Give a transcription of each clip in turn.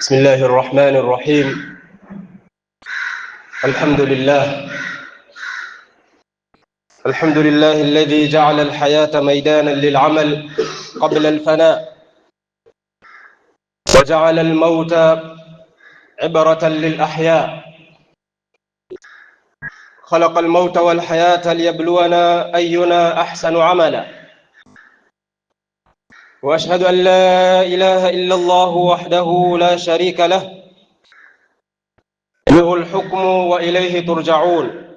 بسم الله الرحمن الرحيم الحمد لله الحمد لله الذي جعل الحياة ميدانا للعمل قبل الفناء وجعل الموت عبرة للأحياء خلق الموت والحياة ليبلونا أينا أحسن عملاً وأشهد أن لا إله إلا الله وحده لا شريك له له الحكم وإليه ترجعون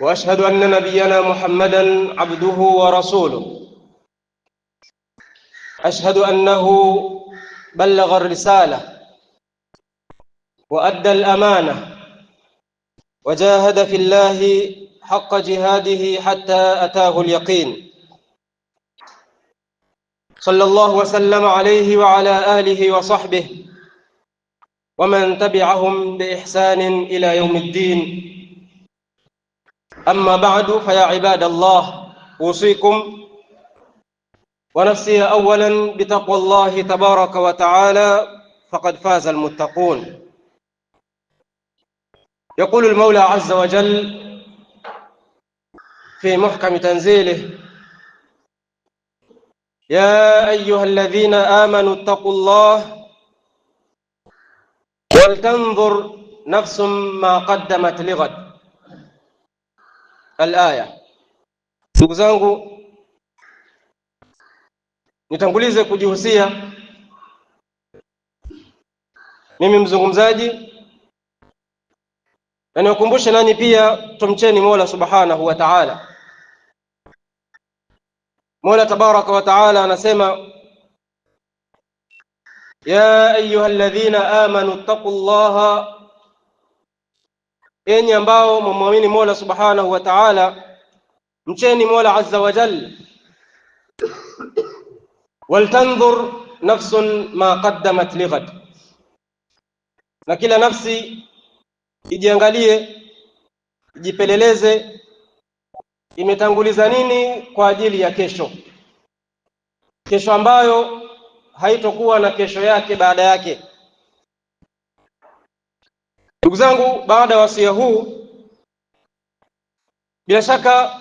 وأشهد أن نبينا محمدا عبده ورسوله أشهد أنه بلغ الرسالة وأدى الأمانة وجاهد في الله حق جهاده حتى أتاه اليقين صلى الله وسلم عليه وعلى آله وصحبه ومن تبعهم بإحسان إلى يوم الدين أما بعد فيا عباد الله أوصيكم ونفسي أولا بتقوى الله تبارك وتعالى فقد فاز المتقون يقول المولى عز وجل في محكم تنزيله يا أيها الذين آمنوا اتقوا الله ولتنظر نفس ما قدمت لغد الآية سوكزانغو نتنقليزة كجهوسية mimi mzungumzaji na niwakumbushe nani pia tumcheni mola subhanahu wa taala مولى تبارك وتعالى نسمع يا أيها الذين آمنوا اتقوا الله إن ينبعوا مؤمن مولى سبحانه وتعالى مجين مولى عز وجل ولتنظر نفس ما قدمت لغد لكن نفسي يجي أنغاليه يجي imetanguliza nini kwa ajili ya kesho, kesho ambayo haitokuwa na kesho yake baada yake. Ndugu zangu, baada ya wasia huu, bila shaka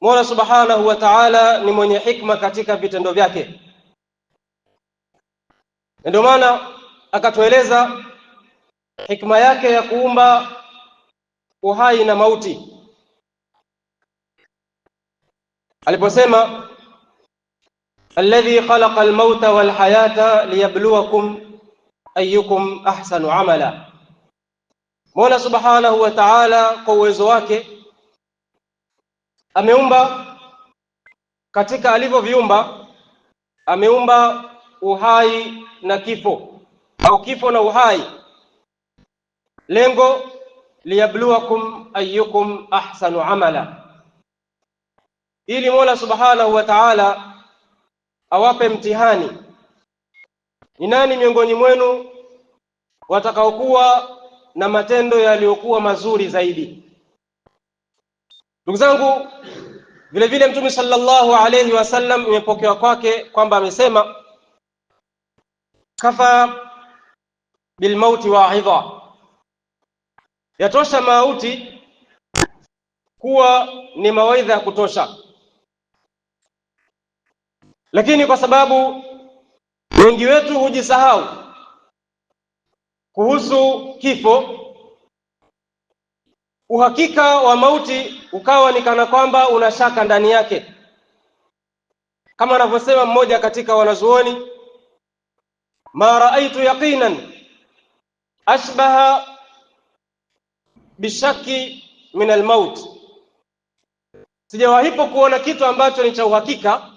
Mola Subhanahu wa Ta'ala ni mwenye hikma katika vitendo vyake, na ndio maana akatueleza hikma yake ya kuumba uhai na mauti aliposema alladhi khalaqa almauta walhayata liyabluwakum ayyukum ahsanu amala. Mola subhanahu wa ta'ala kwa uwezo wake ameumba katika alivyoviumba, ameumba uhai na kifo au kifo na uhai, lengo liyabluwakum ayyukum ahsanu amala ili Mola Subhanahu wa Ta'ala awape mtihani. Ni nani miongoni mwenu watakaokuwa na matendo yaliyokuwa mazuri zaidi? Ndugu zangu, vile vile Mtume sallallahu alayhi wasallam, imepokewa kwake kwamba amesema kafa bilmauti waidha, yatosha mauti kuwa ni mawaidha ya kutosha lakini kwa sababu wengi wetu hujisahau kuhusu kifo, uhakika wa mauti ukawa ni kana kwamba una shaka ndani yake, kama anavyosema mmoja katika wanazuoni, ma raaitu yaqinan ashbaha bishaki min almaut, sijawahipo kuona kitu ambacho ni cha uhakika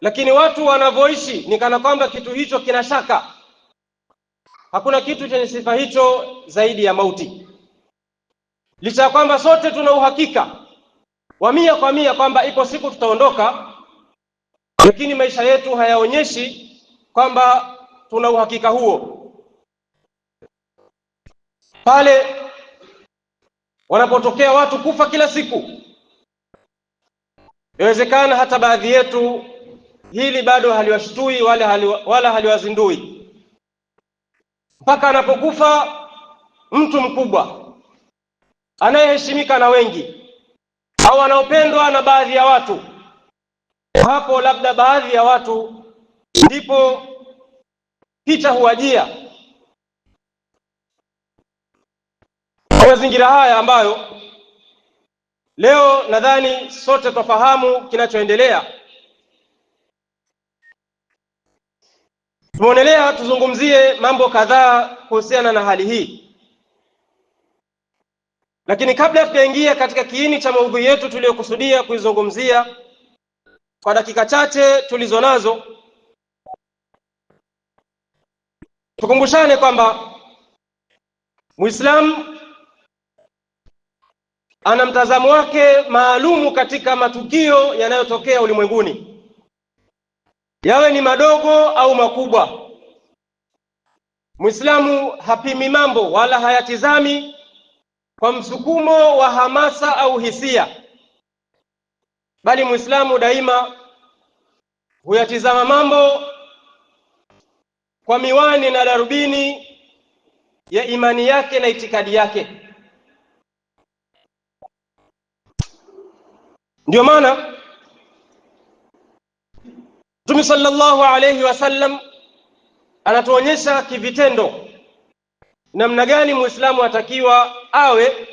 lakini watu wanavyoishi ni kana kwamba kitu hicho kina shaka. Hakuna kitu chenye sifa hicho zaidi ya mauti, licha ya kwamba sote tuna uhakika wa mia kwa mia kwamba ipo siku tutaondoka, lakini maisha yetu hayaonyeshi kwamba tuna uhakika huo. Pale wanapotokea watu kufa kila siku, inawezekana hata baadhi yetu hili bado haliwashtui wala haliwa, wala haliwazindui mpaka anapokufa mtu mkubwa anayeheshimika na wengi au anaopendwa na baadhi ya watu. Hapo labda baadhi ya watu ndipo picha huwajia kwa mazingira haya ambayo leo nadhani sote twafahamu kinachoendelea Tumeonelea tuzungumzie mambo kadhaa kuhusiana na hali hii, lakini kabla tujaingia katika kiini cha maudhui yetu tuliyokusudia kuizungumzia kwa dakika chache tulizo nazo, tukumbushane kwamba Muislamu ana mtazamo wake maalumu katika matukio yanayotokea ulimwenguni yawe ni madogo au makubwa. Mwislamu hapimi mambo wala hayatizami kwa msukumo wa hamasa au hisia, bali mwislamu daima huyatizama mambo kwa miwani na darubini ya imani yake na itikadi yake. Ndiyo maana Mtume sallallahu alayhi wasallam anatuonyesha kivitendo namna gani muislamu atakiwa awe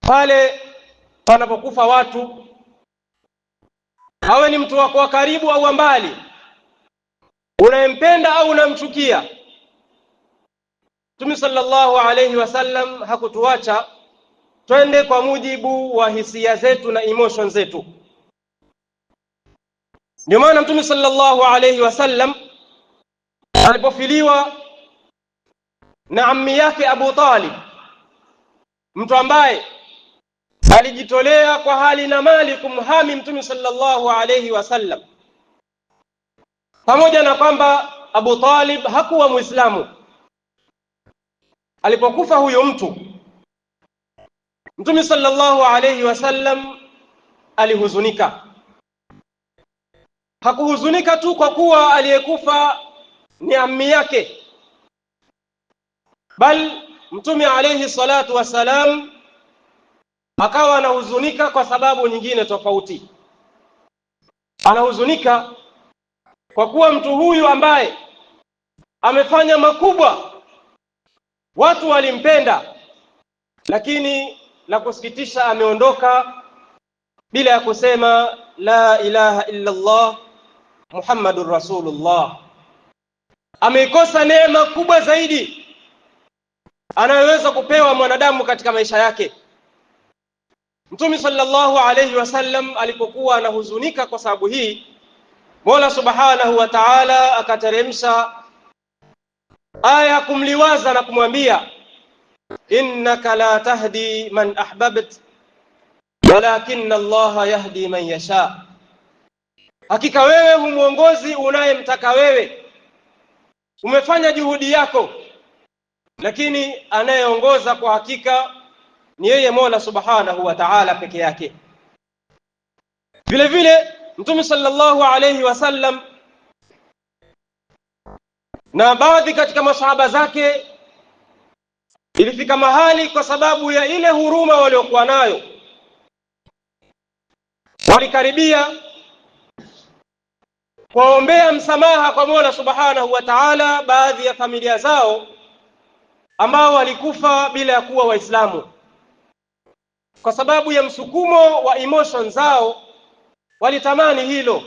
pale panapokufa watu, awe ni mtu wako wa karibu au mbali, unayempenda au unamchukia. Mtume sallallahu alayhi wasallam hakutuacha twende kwa mujibu wa hisia zetu na emotion zetu. Ndio maana Mtume sallallahu alayhi wasallam alipofiliwa na ammi yake Abu Talib, mtu ambaye alijitolea kwa hali na mali kumhami Mtume sallallahu alayhi wasallam, pamoja na kwamba Abu Talib hakuwa Muislamu. Alipokufa huyo mtu, Mtume sallallahu alayhi wasallam alihuzunika Hakuhuzunika tu kwa kuwa aliyekufa ni ammi yake, bal Mtume alayhi salatu wassalam akawa anahuzunika kwa sababu nyingine tofauti. Anahuzunika kwa kuwa mtu huyu ambaye amefanya makubwa, watu walimpenda, lakini la kusikitisha, ameondoka bila ya kusema la ilaha illa Allah Muhammadur Rasulullah. Ameikosa neema kubwa zaidi anayoweza kupewa mwanadamu katika maisha yake. Mtume sallallahu alayhi wasallam alipokuwa anahuzunika kwa sababu hii, Mola Subhanahu wa Ta'ala akateremsha aya kumliwaza na kumwambia, innaka la tahdi man ahbabt walakinna Allah yahdi man yasha Hakika wewe humwongozi unayemtaka wewe. Umefanya juhudi yako, lakini anayeongoza kwa hakika ni yeye Mola Subhanahu wa Ta'ala peke yake. Vile vile Mtume sallallahu alayhi wasallam na baadhi katika masahaba zake ilifika mahali, kwa sababu ya ile huruma waliokuwa nayo, walikaribia kuwaombea msamaha kwa Mola Subhanahu wa Ta'ala baadhi ya familia zao ambao walikufa bila ya kuwa Waislamu kwa sababu ya msukumo wa emotion zao, walitamani hilo.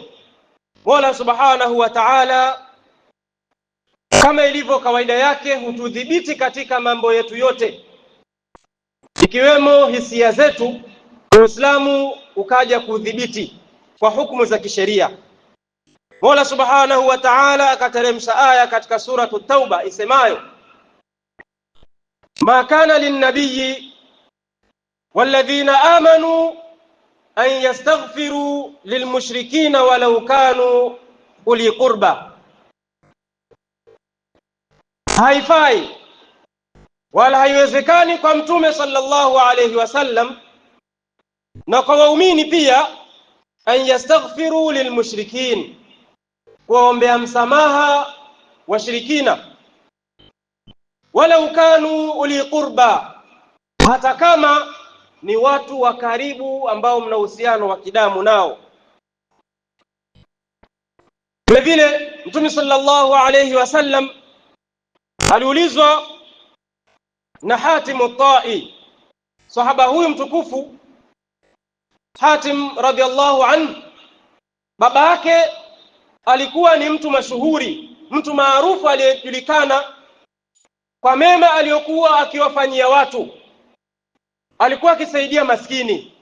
Mola Subhanahu wa Ta'ala kama ilivyo kawaida yake hutudhibiti katika mambo yetu yote, ikiwemo hisia zetu. Uislamu ukaja kudhibiti kwa hukumu za kisheria. Mola Subhanahu wa Ta'ala akateremsha aya katika suratu Tauba isemayo ma kana linnabiyi walladhina amanu an yastaghfiru lilmushrikina walau kanu uli qurba, haifai wala haiwezekani kwa mtume sallallahu alayhi wasallam na kwa waumini pia an yastaghfiru lilmushrikin kuwaombea msamaha washirikina, walau kanu uli qurba, hata kama ni watu wa karibu ambao mna uhusiano wa kidamu nao. Vile vile Mtume sallallahu alayhi wasallam aliulizwa na Hatimu Tai, sahaba huyu mtukufu Hatim radhiallahu anhu, baba yake alikuwa ni mtu mashuhuri, mtu maarufu aliyejulikana kwa mema aliyokuwa akiwafanyia watu. Alikuwa akisaidia maskini,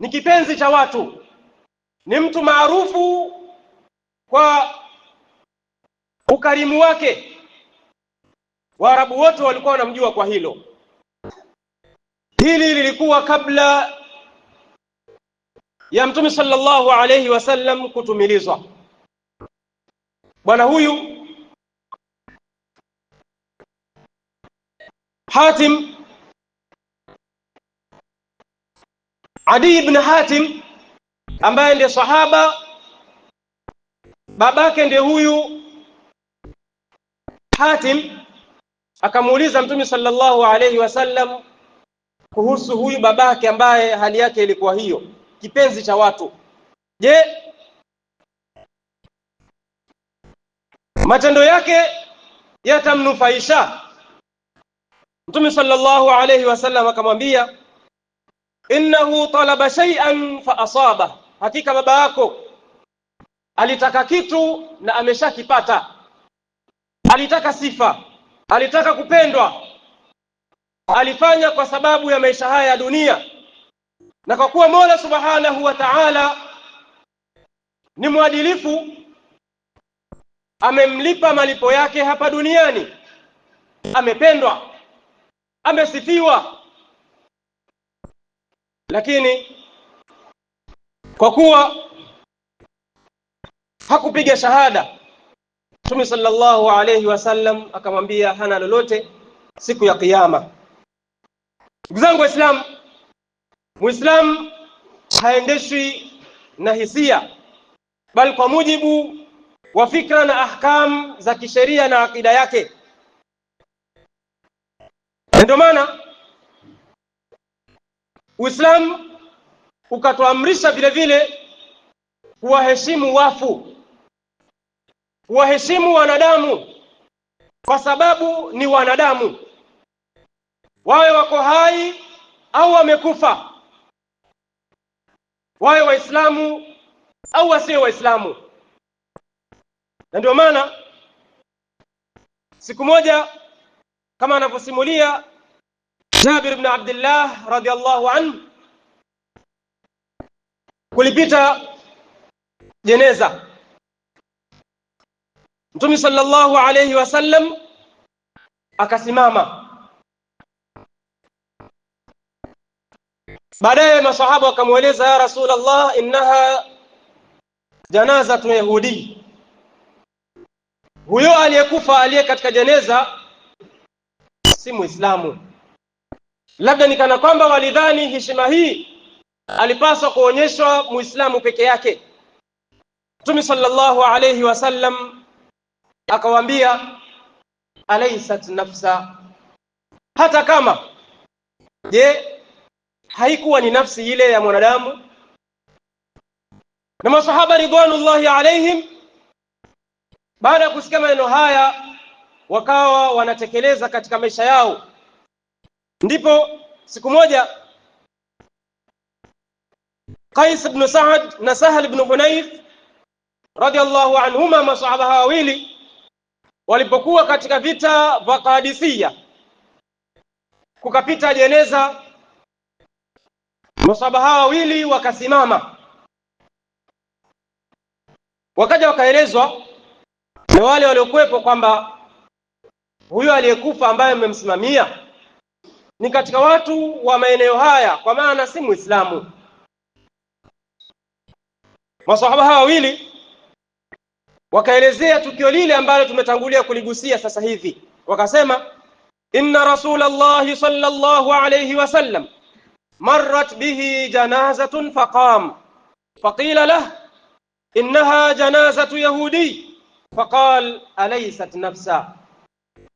ni kipenzi cha watu, ni mtu maarufu kwa ukarimu wake. Waarabu wote walikuwa wanamjua kwa hilo. Hili lilikuwa kabla ya Mtume sallallahu alayhi wasallam kutumilizwa bwana huyu Hatim Adi ibn Hatim ambaye ndiye sahaba, babake ndiye huyu Hatim. Akamuuliza Mtume sallallahu alayhi wasallam kuhusu huyu babake ambaye hali yake ilikuwa hiyo, kipenzi cha watu. Je, matendo yake yatamnufaisha. Mtume sallallahu alayhi wasallam akamwambia, innahu talaba shay'an fa asaba, hakika baba yako alitaka kitu na ameshakipata. Alitaka sifa, alitaka kupendwa, alifanya kwa sababu ya maisha haya ya dunia, na kwa kuwa Mola subhanahu wa ta'ala ni mwadilifu amemlipa malipo yake hapa duniani, amependwa, amesifiwa. Lakini kwa kuwa hakupiga shahada, Mtume sallallahu alayhi wasallam akamwambia hana lolote siku ya Kiyama. Ndugu zangu Waislamu, Muislamu haendeshwi na hisia, bali kwa mujibu wa fikra na ahkam za kisheria na akida yake. Ndio maana Uislamu ukatuamrisha vile vile kuwaheshimu wafu, kuwaheshimu wanadamu, kwa sababu ni wanadamu, wawe wako hai au wamekufa, wawe Waislamu au wasiwe Waislamu. Na ndio maana siku moja kama anavyosimulia Jabir ibn Abdullah radiallahu anhu, kulipita jeneza Mtume sallallahu alayhi wasallam akasimama. Baadaye masahaba wakamweleza ya Rasulullah, innaha janazatu yahudi huyo aliyekufa aliye katika jeneza si Muislamu. Labda nikana kwamba walidhani heshima hii alipaswa kuonyeshwa Muislamu peke yake. Mtume sallallahu alayhi wasallam akawaambia, alaisat nafsa, hata kama je, haikuwa ni nafsi ile ya mwanadamu? Na masahaba ridwanullahi alaihim baada ya kusikia maneno haya, wakawa wanatekeleza katika maisha yao. Ndipo siku moja Qais bnu Saad na Sahal bnu Hunayf radiyallahu anhuma, masahaba hawa wawili walipokuwa katika vita vya kadisia kukapita jeneza. Masahaba hawa wawili wakasimama, wakaja wakaelezwa na wale waliokuwepo kwamba huyo aliyekufa ambaye mmemsimamia ni katika watu wa maeneo haya, kwa maana si Muislamu. Masahaba hawa wawili wakaelezea tukio lile ambalo tumetangulia kuligusia sasa hivi, wakasema inna rasulallahi sallallahu alayhi wasallam marrat bihi janazatun faqam faqila lah innaha janazatu yahudi faqal alaysat nafsa,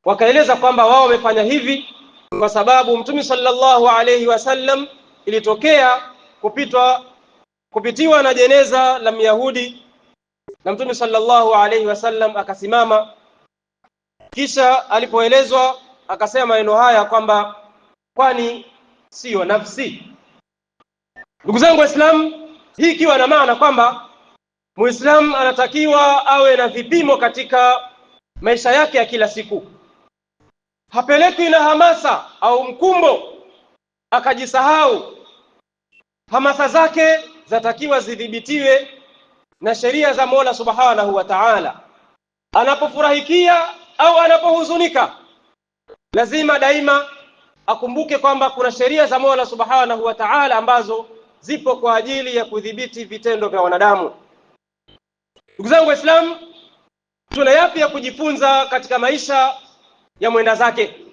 wakaeleza kwamba wao wamefanya hivi kwa sababu Mtume sallallahu alayhi wasallam ilitokea kupitwa kupitiwa na jeneza la Myahudi na Mtume sallallahu alayhi wasallam akasimama, kisha alipoelezwa akasema maneno haya kwamba kwani siyo nafsi? Ndugu zangu Waislamu, hii ikiwa na maana kwamba muislam anatakiwa awe na vipimo katika maisha yake ya kila siku, hapelekwi na hamasa au mkumbo akajisahau. Hamasa zake zatakiwa zidhibitiwe na sheria za Mola Subhanahu wa Ta'ala. Anapofurahikia au anapohuzunika, lazima daima akumbuke kwamba kuna sheria za Mola Subhanahu wa Ta'ala ambazo zipo kwa ajili ya kudhibiti vitendo vya wanadamu. Ndugu zangu Waislamu, tuna yapi ya kujifunza katika maisha ya mwenda zake?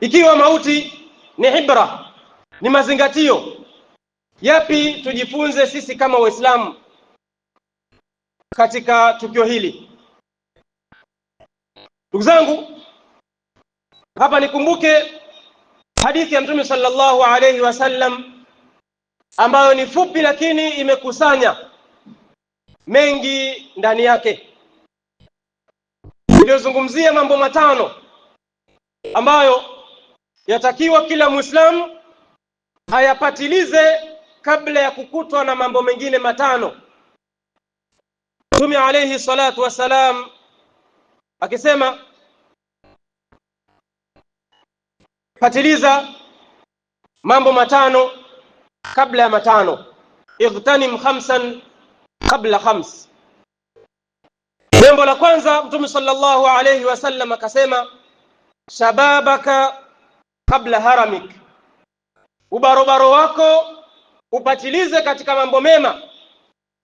Ikiwa mauti ni ibra, ni mazingatio, yapi tujifunze sisi kama Waislamu katika tukio hili? Ndugu zangu, hapa nikumbuke hadithi ya Mtume sallallahu alayhi wasallam ambayo ni fupi lakini imekusanya mengi ndani yake. iliyozungumzia mambo matano ambayo yatakiwa kila Muislamu hayapatilize kabla ya kukutwa na mambo mengine matano. Mtume alayhi salatu wassalam akisema, patiliza mambo matano kabla ya matano, ightanim khamsan kabla khams. Jambo la kwanza Mtume sallallahu alayhi wasallam akasema, shababaka kabla haramik, ubarobaro wako upatilize katika mambo mema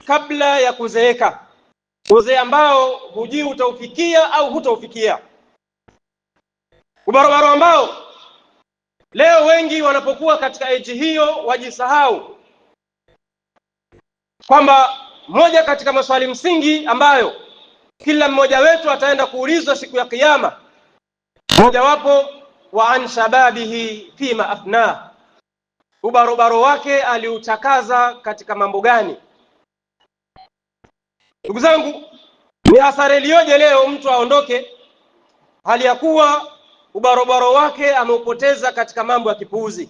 kabla ya kuzeeka, uzee ambao hujui utaufikia au hutaufikia, ubarobaro ambao Leo wengi wanapokuwa katika eji hiyo wajisahau kwamba moja katika maswali msingi ambayo kila mmoja wetu ataenda kuulizwa siku ya Kiyama, mojawapo wa an shababihi fima afna, ubarobaro wake aliutakaza katika mambo gani? Ndugu zangu, ni hasara iliyoje leo mtu aondoke hali ya kuwa ubarobaro wake ameupoteza katika mambo ya kipuuzi,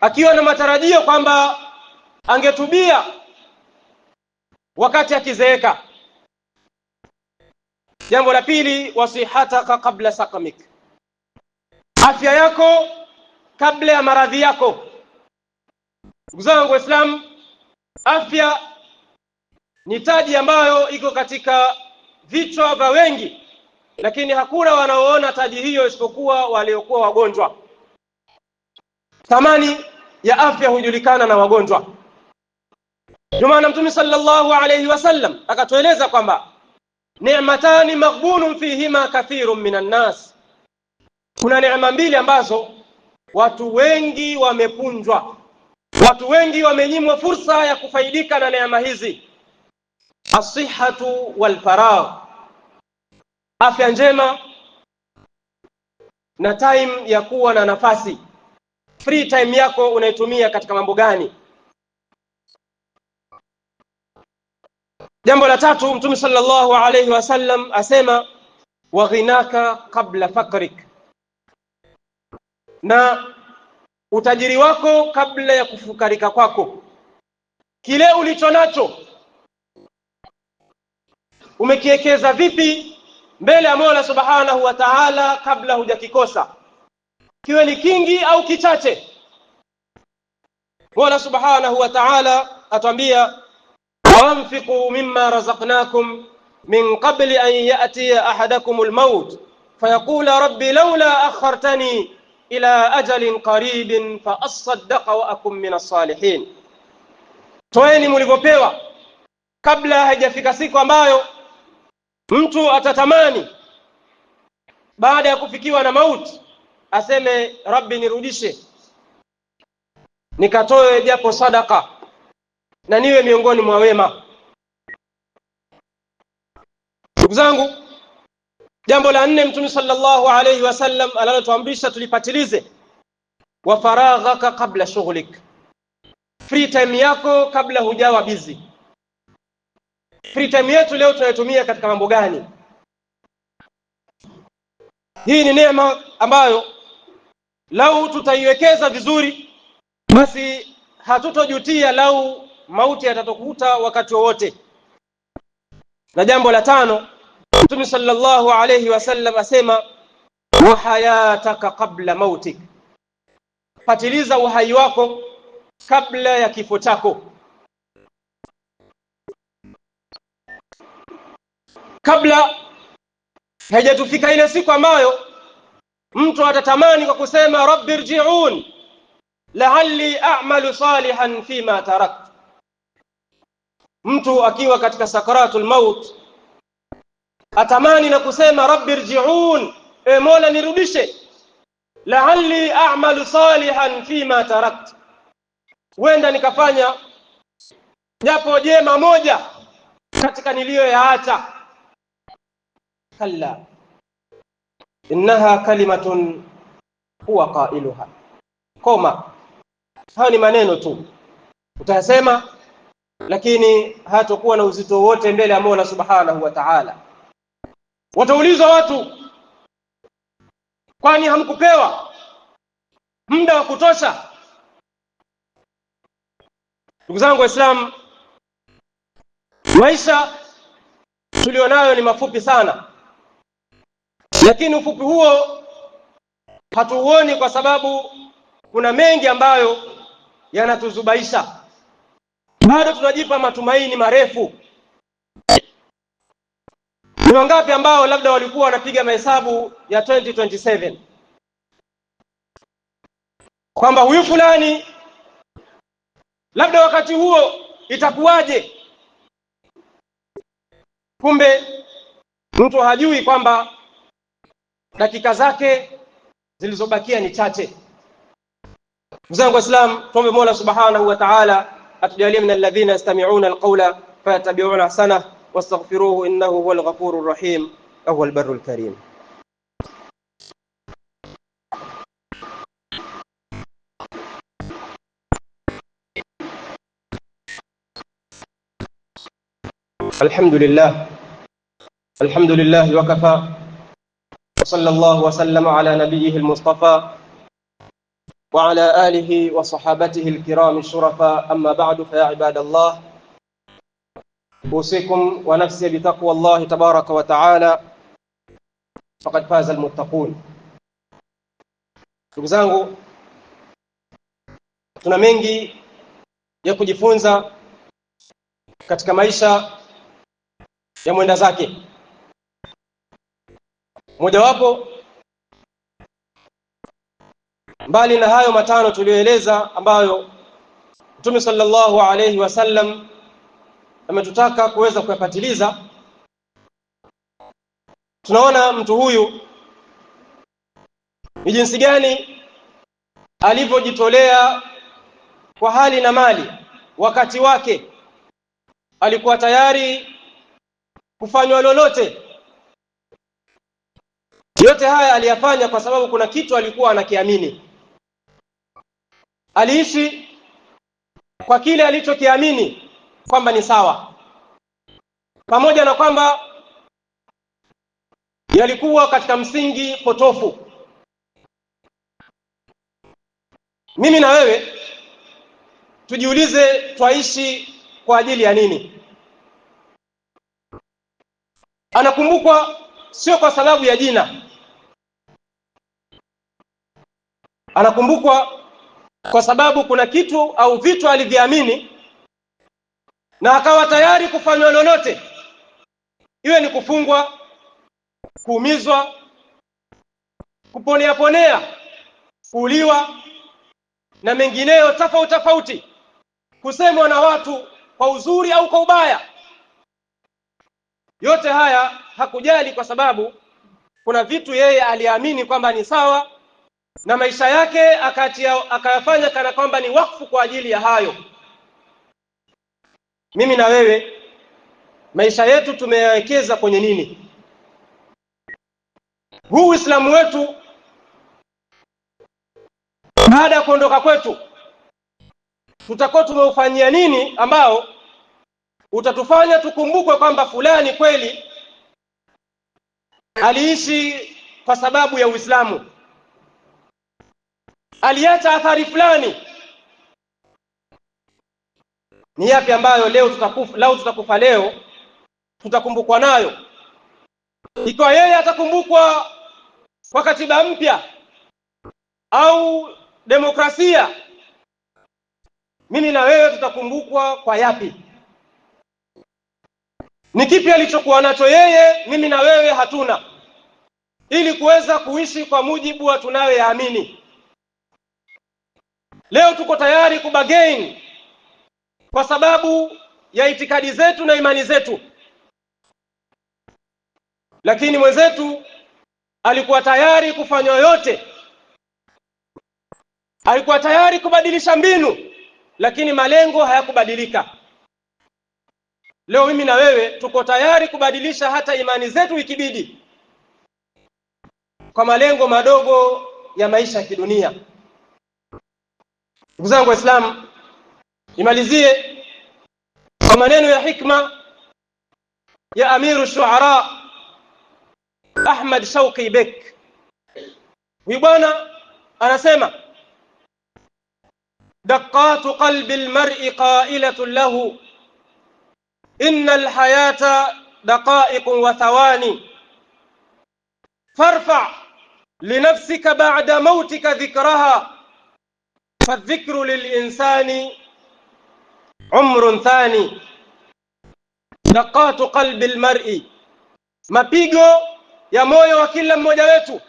akiwa na matarajio kwamba angetubia wakati akizeeka. Jambo la pili, wasihataka kabla sakamik, afya yako kabla ya maradhi yako. Ndugu zangu waislam afya ni taji ambayo iko katika vichwa vya wengi lakini hakuna wanaoona taji hiyo isipokuwa waliokuwa wagonjwa. Thamani ya afya hujulikana na wagonjwa. Ndio maana Mtume sallallahu alayhi wasallam akatueleza kwamba ni'matani maghbunun fihima kathirun minan nas, kuna neema mbili ambazo watu wengi wamepunjwa, watu wengi wamenyimwa fursa ya kufaidika na neema hizi, asihatu walfaragh afya njema na time ya kuwa na nafasi. Free time yako unaitumia katika mambo gani? Jambo la tatu, Mtume sallallahu alayhi wasallam asema wa ghinaka qabla fakrik, na utajiri wako kabla ya kufukarika kwako. Kile ulicho nacho umekiekeza vipi mbele ya Mola Subhanahu wa Ta'ala kabla hujakikosa, kiwe ni kingi au kichache. Mola Subhanahu wa Ta'ala atwambia, wanfiqu mimma razaqnakum min qabli an ya'tiya ahadakum almaut fayaqula rabbi laula akhartani ila ajalin qaribin fa asaddaqa wa akun min as-salihin. Toeni mlivyopewa kabla haijafika siku ambayo Mtu atatamani baada ya kufikiwa na mauti aseme, Rabbi, nirudishe nikatoe japo sadaka na niwe miongoni mwa wema. Ndugu zangu, jambo la nne, Mtume sallallahu alayhi wasallam analotuamrisha tulipatilize, wa faraghaka qabla shughulik free time yako kabla hujawa bizi free time yetu leo tunayotumia katika mambo gani? Hii ni neema ambayo lau tutaiwekeza vizuri, basi hatutojutia lau mauti yatatokuta wakati wowote. Na jambo la tano, Mtume sallallahu alayhi wasallam asema wahayataka kabla qabla mautik, patiliza uhai wako kabla ya kifo chako. kabla haijatufika ile siku ambayo mtu atatamani kwa kusema rabbi rji'un la'alli a'malu salihan fima taraktu. Mtu akiwa katika sakaratul maut atamani na kusema rabbi rji'un, e Mola nirudishe, la'alli a'malu salihan fima tarakt huenda nikafanya japo jema moja katika niliyoyaacha kalla innaha kalimatun huwa qailuha, koma. Hayo ni maneno tu utasema, lakini hatakuwa na uzito wote mbele ya Mola subhanahu wa Ta'ala. Wataulizwa watu, kwani hamkupewa muda wa kutosha? Ndugu zangu Waislamu, maisha tulionayo ni mafupi sana. Lakini ufupi huo hatuuoni kwa sababu kuna mengi ambayo yanatuzubaisha. Bado tunajipa matumaini marefu. Ni wangapi ambao labda walikuwa wanapiga mahesabu ya 2027 kwamba huyu fulani labda wakati huo itakuwaje? Kumbe mtu hajui kwamba dakika zake zilizobakia ni chache mzangu waislam tuombe mola subhanahu wa taala atujalie min alladhina yastamiuna alqawla fayatabiuna ahsana wastaghfiruhu innahu huwa alghafuru rrahim ahuwa albaru lkarim الحمد لله الحمد لله وكفى صلى الله وسلم على نبيه المصطفى وعلى آله وصحابته الكرام الشرفاء أما بعد فيا عباد الله أوصيكم ونفسي بتقوى الله تبارك وتعالى فقد فاز المتقون ndugu zangu tuna mengi ya kujifunza katika maisha ya mwenda zake Mojawapo mbali na hayo matano tuliyoeleza, ambayo Mtume sallallahu alayhi wasallam ametutaka kuweza kuyapatiliza, tunaona mtu huyu ni jinsi gani alivyojitolea kwa hali na mali. Wakati wake alikuwa tayari kufanywa lolote yote haya aliyafanya kwa sababu kuna kitu alikuwa anakiamini. Aliishi kwa kile alichokiamini kwamba ni sawa, pamoja na kwamba yalikuwa katika msingi potofu. Mimi na wewe tujiulize, twaishi kwa ajili ya nini? Anakumbukwa sio kwa sababu ya jina Anakumbukwa kwa sababu kuna kitu au vitu aliviamini na akawa tayari kufanywa lolote, iwe ni kufungwa, kuumizwa, kuponea ponea, kuuliwa na mengineyo tofauti tofauti, kusemwa na watu kwa uzuri au kwa ubaya. Yote haya hakujali, kwa sababu kuna vitu yeye aliamini kwamba ni sawa na maisha yake akatia, akayafanya kana kwamba ni wakfu kwa ajili ya hayo. Mimi na wewe maisha yetu tumeyawekeza kwenye nini? Huu Uislamu wetu baada ya kuondoka kwetu tutakuwa tumeufanyia nini ambao utatufanya tukumbukwe kwamba fulani kweli aliishi kwa sababu ya Uislamu aliacha athari fulani. Ni yapi ambayo leo tutakufa, lau tutakufa leo tutakumbukwa nayo? Ikiwa yeye atakumbukwa kwa katiba mpya au demokrasia, mimi na wewe tutakumbukwa kwa yapi? Ni kipi alichokuwa nacho yeye, mimi na wewe hatuna, ili kuweza kuishi kwa mujibu wa tunayoyaamini. Leo tuko tayari kubagain kwa sababu ya itikadi zetu na imani zetu, lakini mwenzetu alikuwa tayari kufanywa yote, alikuwa tayari kubadilisha mbinu, lakini malengo hayakubadilika. Leo mimi na wewe tuko tayari kubadilisha hata imani zetu ikibidi, kwa malengo madogo ya maisha ya kidunia. Ndugu zangu Waislamu, nimalizie kwa maneno ya hikma ya Amiru Shuara Ahmad Shauqi Bek. Huyu bwana anasema daqatu qalbi almar'i qailatu lahu inna alhayata daqa'iqun wa thawani farfa linafsika ba'da mautika dhikraha fadhikru lilinsani umrun thani daqatu qalbi lmari, mapigo ya moyo wa kila mmoja wetu.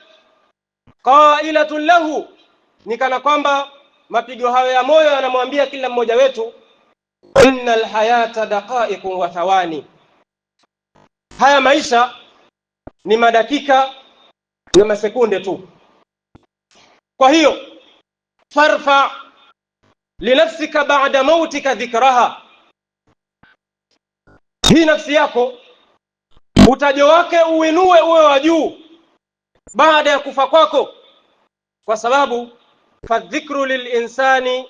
Qailatun lahu, ni kana kwamba mapigo hayo ya moyo yanamwambia kila mmoja wetu, inna alhayata daqaiqun wa thawani, haya maisha ni madakika na masekunde tu. Kwa hiyo farfa linafsika baada mautika dhikraha, hii nafsi yako utajo wake uinue uwe wa juu baada ya kufa kwako, kwa sababu fadhikru lilinsani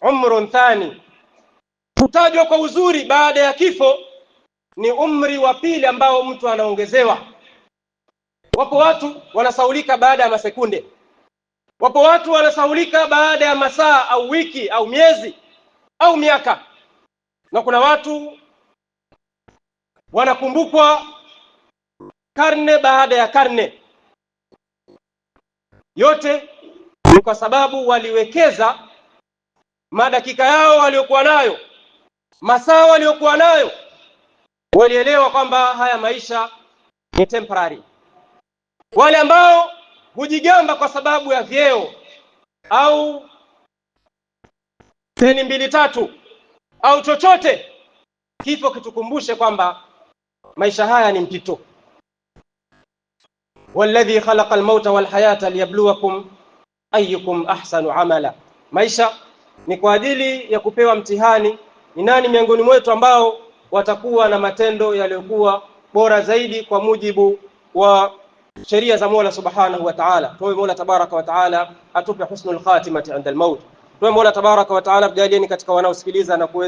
umrun thani, kutajwa kwa uzuri baada ya kifo ni umri wa pili ambao mtu anaongezewa. Wapo watu wanasaulika baada ya masekunde Wapo watu wanasahulika baada ya masaa au wiki au miezi au miaka, na kuna watu wanakumbukwa karne baada ya karne. Yote ni kwa sababu waliwekeza madakika yao waliokuwa nayo, masaa waliokuwa nayo, walielewa kwamba haya maisha ni temporary. Wale ambao hujigamba kwa sababu ya vyeo au teni mbili tatu au chochote. Kifo kitukumbushe kwamba maisha haya ni mpito. walladhi khalaqa almauta walhayata liyabluwakum ayukum ahsanu amala, maisha ni kwa ajili ya kupewa mtihani, ni nani miongoni mwetu ambao watakuwa na matendo yaliyokuwa bora zaidi kwa mujibu wa sheria za Mola Subhanahu wa Ta'ala. Tuombe Mola Tabaraka wa Ta'ala atupe husnul khatimati inda al-maut. Tuombe Mola Tabaraka wa Ta'ala tujalie katika wanaosikiliza na kuweza